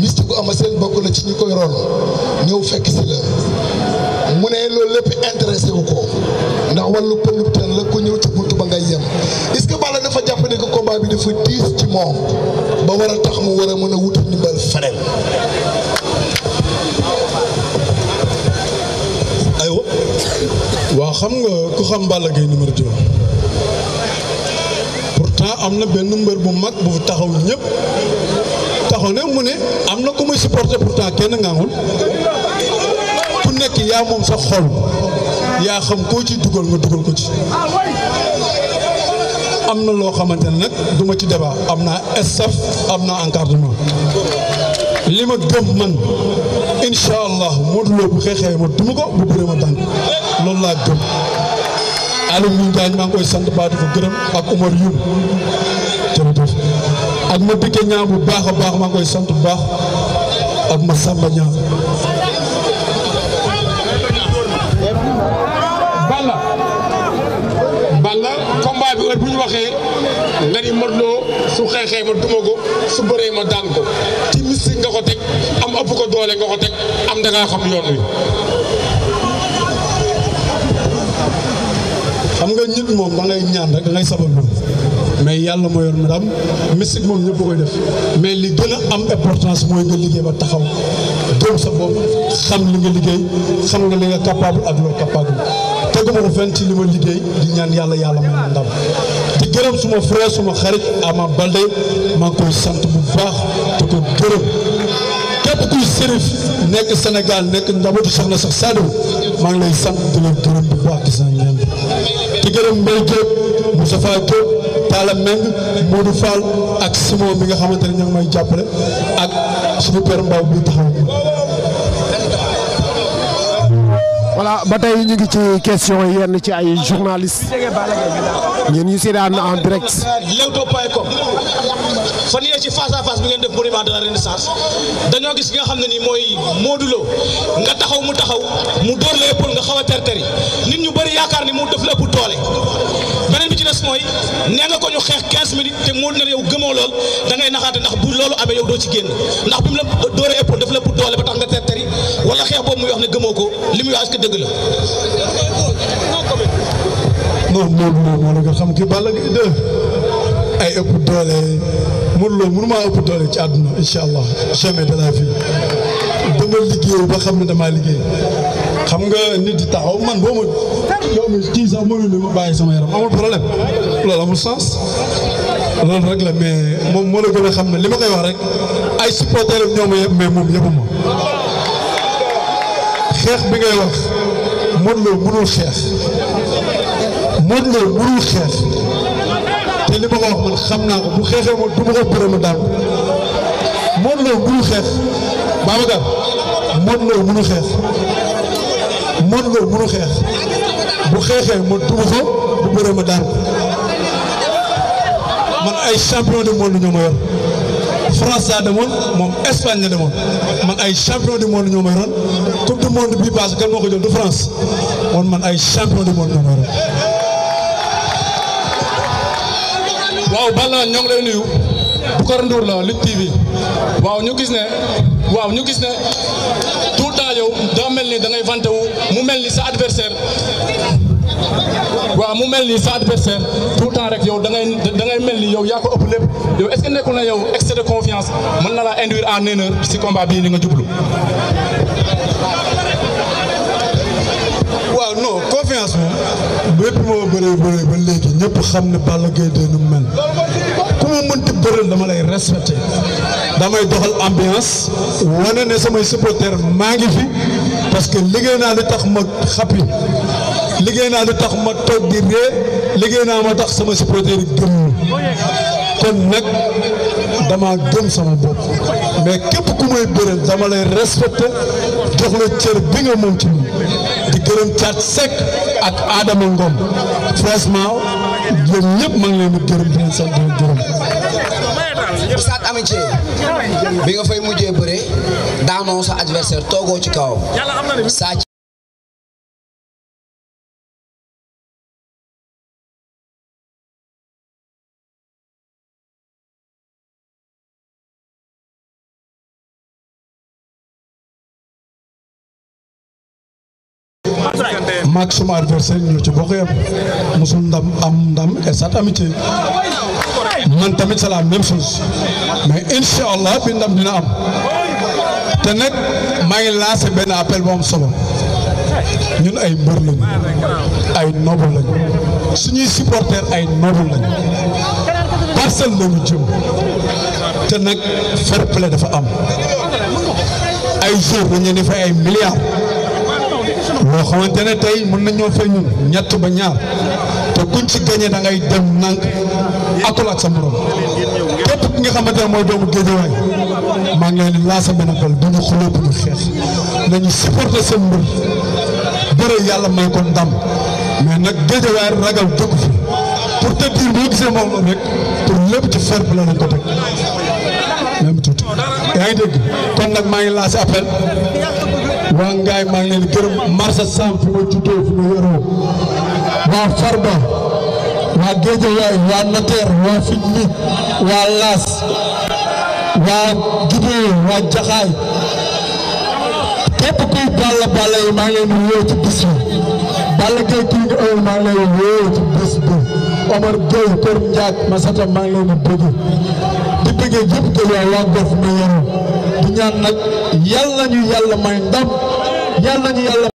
liste bu ama seen bokk na ci ñi koy rol ñëw fekk si la mu ne loolu lépp intéressé wu ko ndax wàllu pëlub teen la ku ñëw ci buntu ba ngay yem est-ce que Balla dafa jàpp ne que combat bi dafa diis ci moom ba war a tax mu war a mën a wuti ndimbal feneen aywa waaw xam nga ku xam Balla Gaye numéro 2 pourtant am na benn mbër bu mag bu taxaw ñëpp taxaw ne mu ne am na ku muy supporté pourtant kenn ngaangul ku nekk yaa moom sa xol yaa xam koo ci dugal nga dugal ko ci am na loo xamante ne nag duma ci débat am naa staff am naa encadrement li ma gëm man incha duma ko bu bëree ma daan loolu laa gëm Aliou Ngouye Diagne maa koy sant baa ko gërëm ak Omar Youm ak ma dikke ñaa bu baax a baax ma ngi koy sant bu baax ak ma sàmba ñaa Balla Balla combat bi heure bu ñu waxee nga ni Modou Lo su xeexee ma duma ko su bëree ma daan ko ci mystique nga ko teg am ëpp ko doole nga ko teg am dangaa xam yoon wi xam nga nit moom da ngay ñaan rek da ngay sabab moom mais yàlla moo yor ndam mystique moom ñëpp koy def mais li gën a am importance mooy nga liggéey ba taxaw gëm sa bopp xam li nga liggéey xam nga li nga capable ak loo capable teguma ko li ma liggéey di ñaan yàlla yàlla may ndam di gërëm suma frère suma xarit Ama Baldé maa te ko gërëm képp kuy sërif nekk Sénégal nekk njabootu na sax Sadou maa ngi lay sant di la gërëm bu baax di sant ñaan di gërëm Mbaye Diop Moussa Faye Diop Talla Meng Modou Fall ak Simon bi nga xamante ne ñoo ngi may jàppale ak suñu père Mbaw bi taxaw voilà ba tey ñu ngi ci question yenn ci ay journaliste ñun ñu si daan en direct. leewtoo.com fan yee ci face à bi ngeen def monument de la renaissance dañoo gis nga xam ne nii mooy Modou Lo nga taxaw mu taxaw mu door la épaule nga xaw a terteri nit ñu bëri yaakaar ni mu def la ëpp doole. des mooy nee nga ko ñu xeex 15 minutes te moo ne yow gëmoo lool da naxaate ndax bu loolu amee yow doo ci génn ndax bi mu la dóoree doole ba tax nga ter teri wala xeex ko li muy wax est-ce que dëgg la. non Modou ci ëpp doole Modou Lo mënu ëpp doole ci àdduna incha allah jamais de la vie dama liggéey ba xam ne damaa liggéey xam nga nit di taxaw man boo yow mi kii sax mënuñu ma bàyyi sama yaram amul problème loolu la mais moom moo la gën a xam ne li ma koy wax rek ay supporters am ñoo ma yëpp mais moom ma xeex bi ngay wax Modou Lo mënul xeex Modou Lo mënul xeex te li ma xam naa bu xeexee moom du ma ko bëre ma daal Modou Lo mënul xeex Babacar Modou Lo xeex Modou Lo mënu xeex bu xeexee ma duma ko bu bëree ma daan man ay champion du monde ñoo ma yor France laa demoon moom Espagne la demoon man ay champion du monde ñoo ma yoroon coupe du monde bii passé kan moo ko jël du France man man ay champion du monde ñoo ma yoroon waaw Balla ñoo lay nuyu. Boucar Ndour la Lutte waaw ñu gis ne waaw ñu gis ne tout le temps yow daa mel ni da ngay vanté mu mel ni sa adversaire mu mel ni sa adversaire tout le temps rek yow da ngay da ngay mel ni yow yaa ko ëpp lépp yow est nekkul na yow excès de confiance mën na laa induire en erreur si combat bii ni nga jublu. waaw non confiance moom bépp moo bëree bëree ba léegi ñëpp xam ne Balla Gaye de mel. ma mënti bëral dama lay respecté damay doxal ambiance wane ne samay supporter maa ngi fi parce que liggéey naa lu tax ma xappi liggéey naa lu tax ma toog di ree liggéey naa ma tax sama supporter yi gëm kon nag dama gëm sama bopp mais képp ku may bëral dama lay respecté jox la cër bi nga moom ci ñun di gërëm Thiat Seck ak Adama Ngom franchement ñoom ñëpp maa ngi leen di gërëm di leen sant stade amitié bi nga fay mujjee bëre daanoo sa adversaire toogoo ci kawam saa maak adversaire ñoo ci bokk yam musul ndam am ndam stade amitié man tamit c'est la même chose mais allah bi ndam dina am te nag maa ngi lancé benn appel bu am solo ñun ay mbër lañu ay noble lañu suñuy supporter ay noble lañu parcelle la jëm te nag fair play dafa am ay jour dañu ne fa ay milliards. loo xamante ne tey mën nañoo fay ñun ñett ba ñaar te kuñ si gagné da ngay dem nank atul ak sa morom képp ki nga xamante mooy doomu Géejawaay maa ngi leen di lancé du ñu xuloo bu ñu xeex nañu supporter seen mbir bëre yàlla may ko ndam mais nag Géejawaay ragal dëgg fi pour te dire boo gisee moom rek pour lépp ci fair la lañ ko teg même tuuti yaa ngi kon nag maa ngi lancé appel. waa Ngaye maa leen gërëm marsa sam fu ma juddoo fu ma yoroo waa Farba waa Géejawaay waa Nateer waa Fitni waa Laas waa Gideye waa Jaxaay képp kuy balla balla yi maa leen di woo ci bis bi Balla Gaye kii nga ëw maa leen di woo di bëgg di bëgg yëpp te waa Gof ma yoroo di ñaan nag yàlla ñu yàlla may ndam yàlla ñu